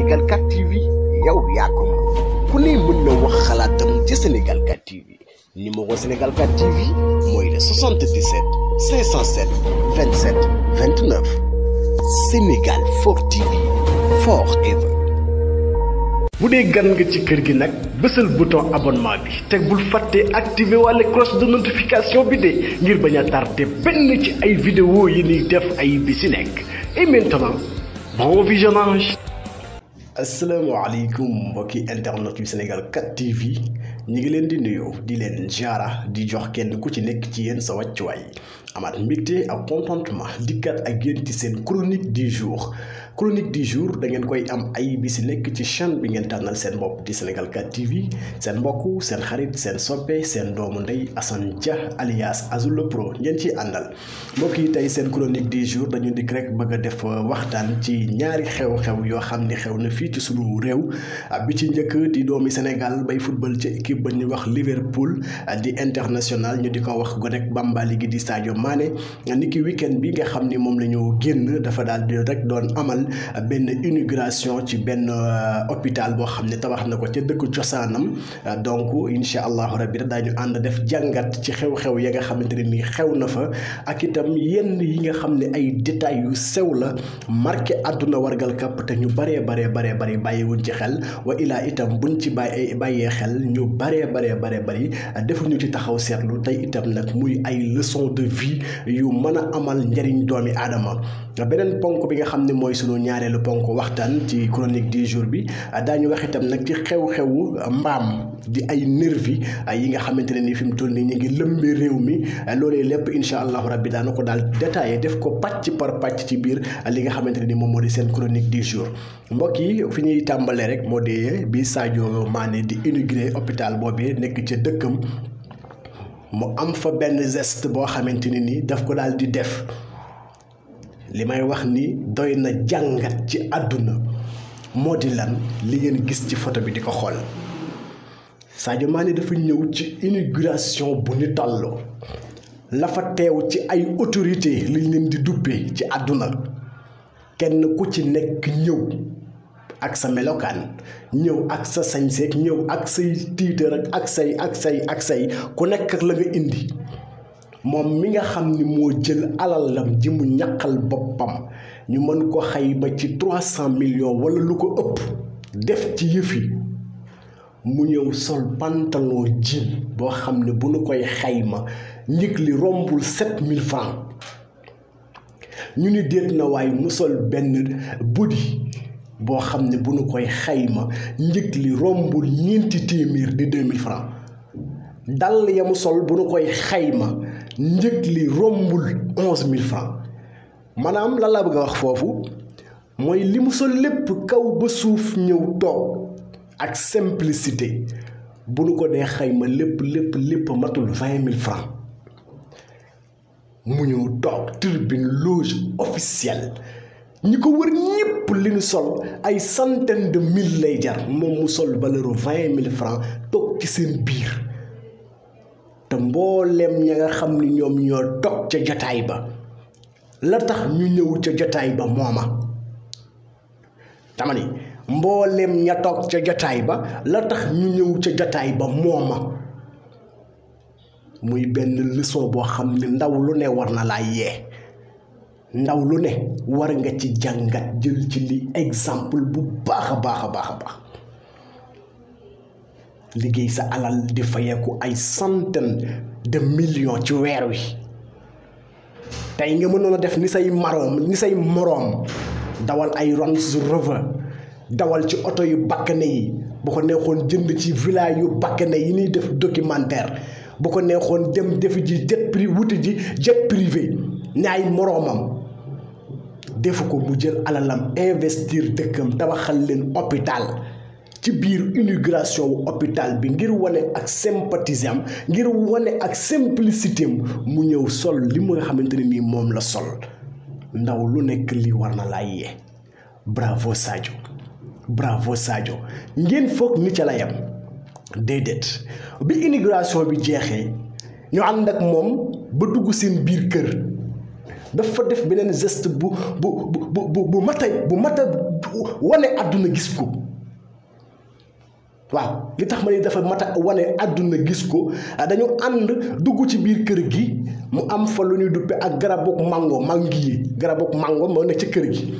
Sénégal 4 TV yow yakum. ko ku mën na wax xalaatam ci Sénégal 4 TV numéro Sénégal 4 TV moy le 77 507 27 29 Sénégal 4 TV forever. bu dee gan nga ci kër gi nag bésal bouton abonnement bi teg bul fàttee activé walla cloche de notification bi de ngir bañ a tardé benn ci ay vidéo yi ni def ay bi si nekk et maintenant bon visionnage asalaamaaleykum mbokki internet yu Sénégal 4 TV ñu ngi leen di nuyoo di leen jaara di jox kenn ku ci nekk ci yéen sa wàccuwaay amaat mbégte ak contentement dikkaat ak yéen ci seen chronique di jour chronique du jour da ngeen koy am ay bi si nekk ci chaîne bi ngeen tànnal seen bopp di Sénégal 4 TV seen mbokk seen xarit seen soppe seen doomu ndey Assane Dia alias Azou le Pro ngeen ci àndal mbokk yi tey seen chronique du jour dañu dikk rek bëgg a def euh, waxtaan ci ñaari xew-xew yoo xam ni xew na fii ci sunu réew ah, bi ci njëkk di doomi Sénégal bay football ci équipe ba ñu wax Liverpool ah, di international ñu di ko wax gonek Bambali gi di Sadio Mané ah, nga xam ni moom la génn dafa daal benn inauguration ci benn euh, hôpital boo xam ne tabax na ko ca dëkk cosaanam euh, donc incha allahu rabbi daañu ànd def jàngat ci xew-xew ya nga xamante ne nii xew na fa ak itam yenn yi nga xam ne ay détails yu sew la marqué àdduna wargal kàpp te ñu baree baree baree bari bàyyiwuñ ci xel wa ilaa itam buñ ci bàyyi eh, bàyyee xel ñu baree baree baree bari euh, defuñu ci taxaw seetlu tey itam nag muy ay leçon de vie yu mën a amal njariñ doomi aadama beneen ponk bi nga xam ñaareelu ponk waxtaan ci chronique di jour bi daañu wax itam nag ci xew-xewu mbaam di ay nervi yi nga xamante ne ni fi mu toll nii ñu ngi lëmbee réew mi loolee lépp incha allahu rabbi daana ko daal détaillé def ko pàcc par pàcc ci biir li nga xamante ne ni moom moo di seen chronique du jour mbokk yi fi ñuy tàmbalee rek moo dee bi Sadio Mané di inauguré hôpital boobee nekk ca dëkkam mu am fa benn gest boo xamante ne ni daf ko daal di def li may wax ni doy na jàngat ci àdduna moo di lan li ngeen gis ci photo bi di ko xool Sadio Mané dafa ñëw ci inauguration bu ñu toll la fa ci ay autorité liñ leen di duppee ci àdduna kenn ku ci nekk ñëw ak sa melokaan ñëw ak sa sañseeg ñëw ak say tiitër ak say ak say ak say ku nekk ak la nga indi moom mi nga xam ni moo jël alalam ji mu ñaqal boppam ñu mën ko xayma ci trois cent wala lu ko ëpp def ci yëfi mu ñëw sol pantalon jean boo xam ne bu koy xayma njëg li rombul sept mille francs ñu ni déet mu sol benn boo xam ne bu nu koy xayma njëg li rombul ñeenti téeméer di deux mille francs ya mu sol bu nu koy xayma njëg li rombul onze mille francs maanaam lan laa wax foofu mooy li mu sol lépp kaw ba suuf ñëw toog ak simplicité bu nu ko dee xayma lépp lépp lépp matul vingt mille francs mu ñëw toog tribune loge officielle ñi ko wër ñëpp li ñu sol ay centaine de mille lay jar moom mu sol valeur vingt mille francs toog ci seen biir te mbooleem ña nga xam ni ñoom ñoo dog ca jotaay ba la tax ñu ñëw ca jotaay ba mooma dama ni mbooleem ca jotaay ba la tax ñu ñëw ca jotaay ba mooma muy benn leçon boo xam ni ndaw lu ne war na laa yee ndaw lu ne war nga ci jàngat jël ci li exemple bu baax a baax a baax a baax liggéey sa alal di fayeeku ay centaine de million ci weer wi tey nga mënoon a def ni say maroom ni say moroom dawal ay Range Rover dawal ci oto yu bakkane yi bu ko neexoon jënd ci village yu bakkane yi ñuy def documentaire bu ko neexoon dem defi ji jet privé wuti ji jet privé ay moroomam defu ko mu jël alalam investir dëkkam tabaxal leen hôpital ci biir inauguration wu bi ngir wane ak sympathie am ngir wane ak simplicité mu ñëw sol li mu nga xamante ne nii moom la sol ndaw lu nekk lii war na laa yee bravo Sadio bravo Sadio ngeen foog ni ca la yem déedéet bi inauguration bi jeexee ñoo ànd ak moom ba dugg seen biir kër dafa def beneen geste bu bu bu bu bu mata bu wane àdduna gis ko. waaw li tax ma ne dafa mat a wane àdduna gis ko ah, dañu ànd dugg ci biir kër gi mu am fa lu ñuy duppe ak garabu garabook mango mangi garabu mango moo ne ci kër gi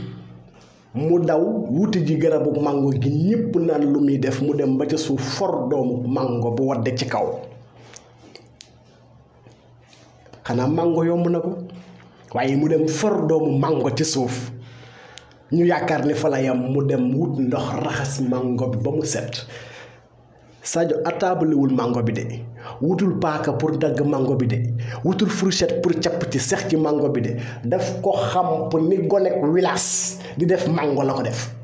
mu daw wuti ji garabook mango gi ñëpp naan lu muy def mu dem ba ca suuf for doomu mango bu wadde ci kaw xanaa mango yomb na ko waaye mu dem for doomu mango ci suuf ñu yaakaar ne fa la yam mu dem wut ndox raxas mango bi ba mu set Sadio attaabalewul mango bi de wutul paaka pour dagg mango bi de wutul fourchette pour capp ci seex ci mango bi de daf ko xam pour ni gone wilaas di def mango la ko def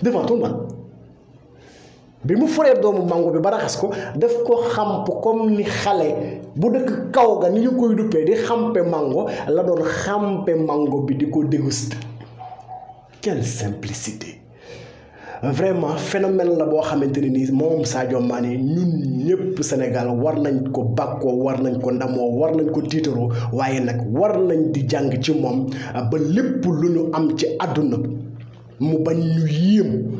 devant tout le bi mu foree doomu mango bi ba raxas ko daf ko xamp comme ni xale bu dëkk kaw ga ni ñu koy duppee di xampe mango la doon xampe mango bi di ko déguste quelle vraiment fenomen la boo xamante ne nii moom Sadio Mané ñun ñëpp Sénégal war nañ ko bàkkoo war nañ ko ndamoo war nañ ko tiitaroo waaye nag war nañ di jàng ci moom ah, ba lépp lu ñu am ci àdduna mu bañ ñu yéem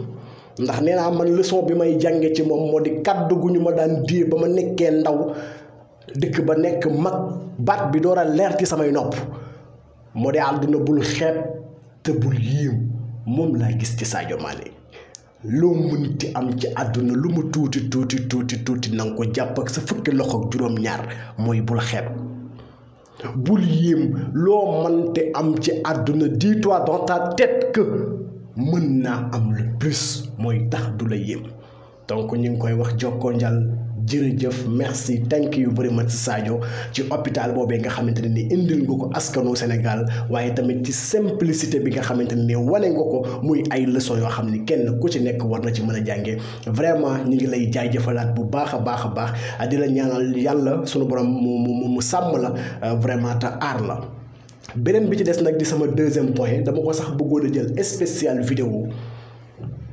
ndax nee naa man leçon bi may jànge ci moom moo di kàddu gu ñu ma daan dee ba ma nekkee ndaw dëkk ba nekk mag baat bi door a leer ci samay nopp moo di àdduna bul xeeb te bul yéem moom laa gis ci Sadio Mané loo mënti am ci àdduna lu mu tuuti tuuti tuuti tuuti na ko jàpp ak sa fukki loxo ak juróom-ñaar mooy bul xeeb bul yéem loo mënte am ci àdduna dis-toi dans ta tête que mën naa am le plus mooy tax du la yéem donc ñu ngi koy wax Jokko Njal jërëjëf merci thank yu very much Sadio ci hôpital boobee nga xamante ne ni indil nga ko askanu Sénégal waaye tamit ci simplicité bi nga xamante ni ni wane nga ko muy ay leçons yoo xam ni kenn ku ci nekk war na ci mën a jàngee vraiment ñu ngi lay jaajëfalaat bu baax a baax a baax di la ñaanal yàlla sunu borom mu mu mu sàmm la euh, vraiment te aar la beneen bi ci des nag di sama deuxième point dama ko sax bëggoon a jël spécial vidéo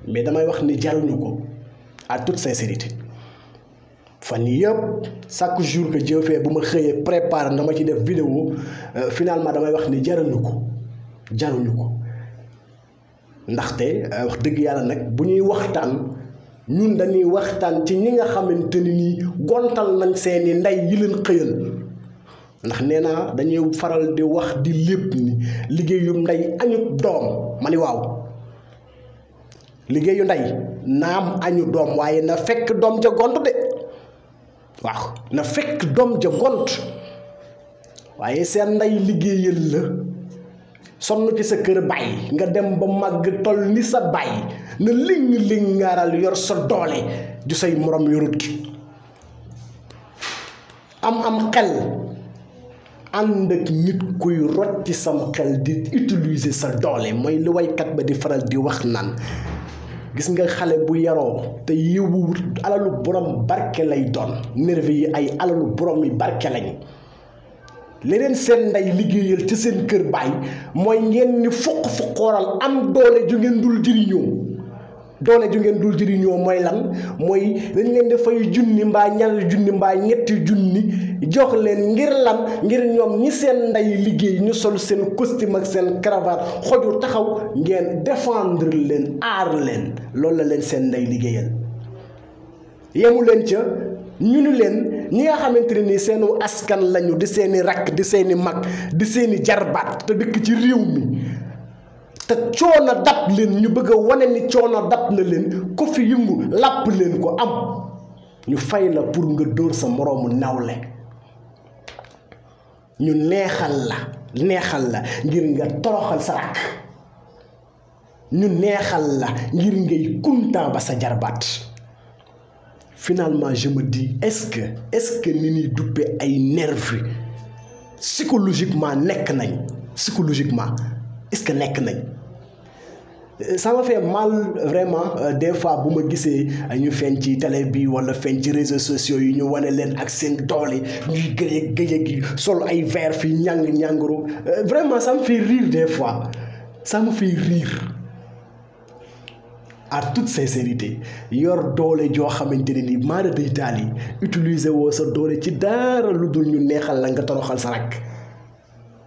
mais damay wax ni jaruñu ko à toute sincérité. fan yii yëpp chaque jour que Dieu fait bu ma xëyee prépare ma ci def vidéo euh, finalement damay wax ni jaruñu ko jaruñu ko ndaxte euh, wax dëgg yàlla nag bu ñuy waxtaan ñun dañuy waxtaan ci ñi nga xamante ni nii gontal nañ seeni ndey yi leen xëyal ndax nee naa dañuy faral di wax di lépp ni liggéeyu ndey añu doom ma waaw liggéeyu ndey naam añu doom waaye na fekk doom ca gont de wax na fekk dom ja gont waye seen ndey liggéeyal la sonu ci sa keur bay nga dem ba mag tol ni sa bay na ling ngaral yor sa dole ju say morom yorut ki am am xel and ak nit kuy rotti sam xel di utiliser sa moy li way kat ba di faral di wax nan gis nga xale bu yaroo te yiwu alalu borom barke lay doon nervi yi ay alalu borom yi barke lañ leneen seen ndey liggéeyal ci seen kër baay mooy ngeen ni fuq fuqooral am doole ju ngeen dul jëriñoo doole ju ngeen dul jëriñoo mooy lan mooy dañ leen di fay junni mbaa ñaari junni mbaa ñetti junni jox leen ngir lan ngir ñoom ñi seen ndey liggéey ñu sol seen costume ak seen cravate xoju taxaw ngeen défendre leen aar leen loolu la leen seen ndey liggéeyal yemu leen ca ñu ni leen ñi nga xamante ne nii seenu askan lañu di seeni rakk di seeni mag di seeni jarbaat te dëkk ci réew mi te coono dab leen ñu bëgg a wane ni coono dab na leen ko fi yëngu làpp leen ko am ñu fay la pour nga dóor sa moroomu nawle ñu neexal la neexal la ngir nga toroxal sa rakk ñu neexal la ngir ngay kuntaa ba sa jarbaat finalement je me dis est-ce ni ñuy duppe ay nervi psychologiquement nekk nañ psychologiquement est-ce que nekk nañ ça m'a fait mal vraiment euh, des fois bu ma gisee euh, ñu feeñ ci télé bi wala feeñ ci réseaux sociaux yi ñu wané leen ak seen doole ñuy gëjëg gëjëg yi sol ay verre fii ñàng ñànguru euh, vraiment ça me fait rire des fois ça me fait rire à toute sincérité yor doole jo xamante ni mara day taal utiliser wo sa doole ci dara lu dul ñu neexal la nga toroxal sa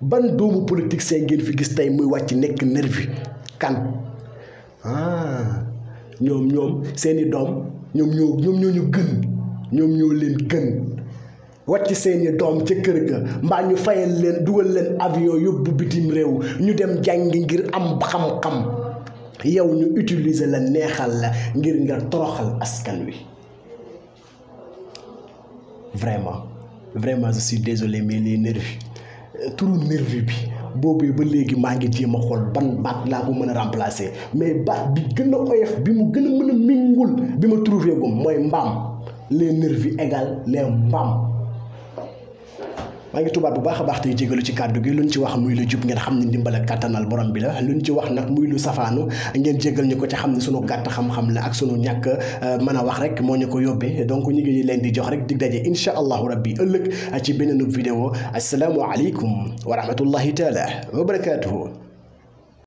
ban doomu politique seen ngeen fi gis tey muy wàcc nekk nervi kan ah ñoom ñoom seeni doom ñoom ñoo ñoom ñoo gën ñoom ñoo leen gën wàcc seeni doom ca kër ga mbaa ñu fayal leen dugal leen avion yóbbu bitim réew ñu dem jàngi ngir am xam-xam yow ñu utilise la neexal la ngir nga toroxal askan wi vraiment vraiment je suis désolé mais les nervis Trou nirvi pi. Bobe, be legi mangeti e mokol, ban bat la kou mwen remplase. Me bat bi geno oyef, bi mou geno mwen mingoul, bi mou trouvi e goum. Mwen mbam. Le nirvi egal, le mbam. maa tuba bu baax bax tay tey jégalu ci kàddu gi luñ ci wax muy lu jup ngeen xamni ne ndimbal ak katanal borom bi la luñ ci wax nak muy lu safanu ngeen jégal ñuko ci xamni sunu gàtt xam-xam la ak sunu ñak mëna wax rek mo ñuko ko donc ñi ngi leen di jox rek dig daje insha allah rabbi ëllëg ci beneenub vidéo assalamu alaykum wa rahmatullahi taala wa barakatuh